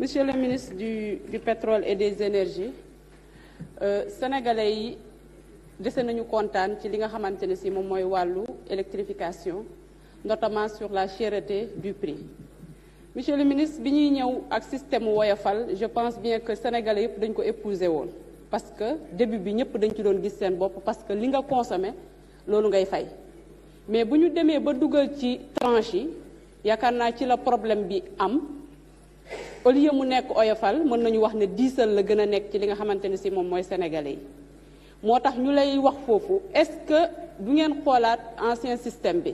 monsieur le ministre du du pétrole et des énergies euh, sénégalais yi dese nañu kontaan ci li nga xamante ne si moom mooy wàllu électrification notamment sur la cherté du prix monsieur le ministre bi ñuy ñëw ak système woyofal je pense bien que sénégalais yëpp dañ ko épouser woon parce que début bi ñëpp dañ ci doon gis seen bopp parce que li nga consommé loolu ngay fay mais bu ñu demee ba dugal ci tranche yi yaakaar naa ci la problème bi am au lieu mu nekk oyofal mën nañu wax ne diisal la gën a nekk ci li nga xamante ne si moom mooy sénégalais yi moo tax ñu lay wax foofu est-ce que du ngeen xoolaat ancien système bi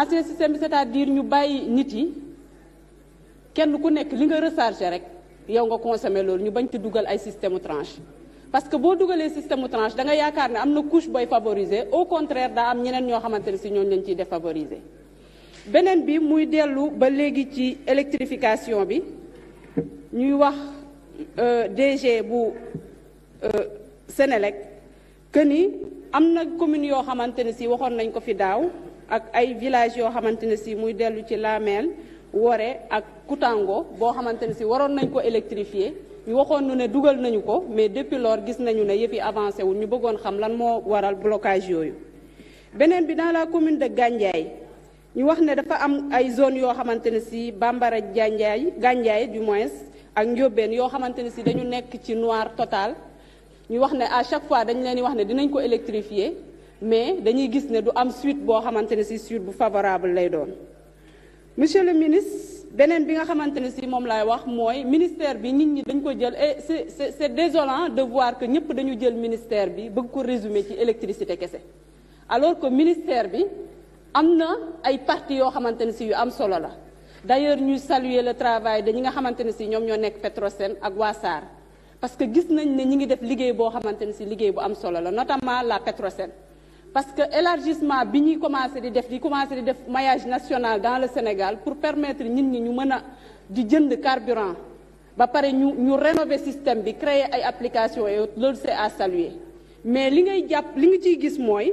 ancien système bi c'est-à-dire ñu bàyyi nit yi kenn ku nekk li nga recharger rek yow nga consommé loolu ñu bañ te dugal ay système tranche parce que boo dugalee système tranche da nga yaakaar ne am na couche booy favoriser au contraire daa am ñeneen ñoo xamante ne si ñooñ lañ ciy défavoriser beneen bi muy dellu ba léegi ci électrification bi ñuy wax euh, DG bu euh, Sénélec que ni am na communes yoo xamante ne si waxoon nañ ko fi daaw ak ay villages yoo xamante ne si muy dellu ci Lamel Woré ak Koutango boo xamante ne si waroon nañ ko électrifier ñu waxoon nu ne dugal nañu ko mais depuis lors gis nañu ne yëf yi avancé wul ñu bëggoon xam lan moo waral blocage yooyu beneen bi dans la commune de Gandiaye ñu wax ne dafa am ay zone yoo xamante ne si bambara gànjaay gànjaay du moins ak njóobeen yoo xamante ne si dañu nekk ci noir total ñu wax ne à chaque fois dañu leen di wax ne dinañ ko électrifier mais dañuy gis ne du am suite boo xamante ne si suite bu favorable lay doon monsieur le ministre beneen bi nga xamante ne si moom lay wax mooy ministère bi nit ñi dañ ko jël et c'est c'est désolant de voir que ñëpp dañu jël ministère bi bëgg ko résumer ci électricité kese alors que ministère bi am na ay parti yoo xamante ne si yu am solo la d'ailleurs ñuy saluer le travail de ñi nga xamante ne si ñoom ñoo nekk Petrosen ak waa SAR parce que gis nañ ne ñi ngi def liggéey boo xamante ne si liggéey bu am solo la notamment la Petrosen parce que élargissement bi ñuy commencé di def di commencé di def maillage national dans le Sénégal pour permettre nit ñi ñu mën a di jënd carburant ba pare ñu ñu rénover système bi créer ay application et loolu c'est à saluer mais li ngay jàpp li nga ciy gis mooy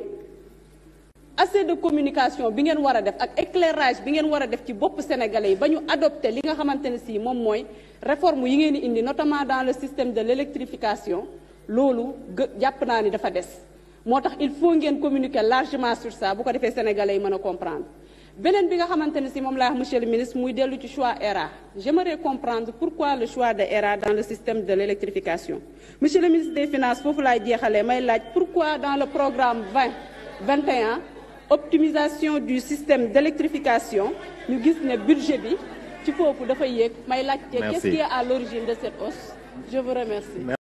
assez de communication bi ngeen war a def ak éclairage bi ngeen war a def ci bopp sénégalais yi ba ñu adopté li nga xamante ne si moom mooy réforme yi ngeen di indi notamment dans le système de l'électrification loolu gë jàpp naa ni dafa des moo tax il faut ngeen communiquer largement sur ça bu ko defee sénégalais yi mën a comprendre beneen bi nga xamante ne si moom laa wax monsieur le ministre muy dellu ci choix ERA j'aimerais comprendre pourquoi le choix de ERA dans le système de l'électrification monsieur le foofu laay jeexalee may laaj pourquoi dans le programme 20 21 optimisation du système d'électrification ñu gis ne budget bi ci foofu dafa yéeg may laajte qu'est-ce qui à l'origine de cette hausse je vous remercie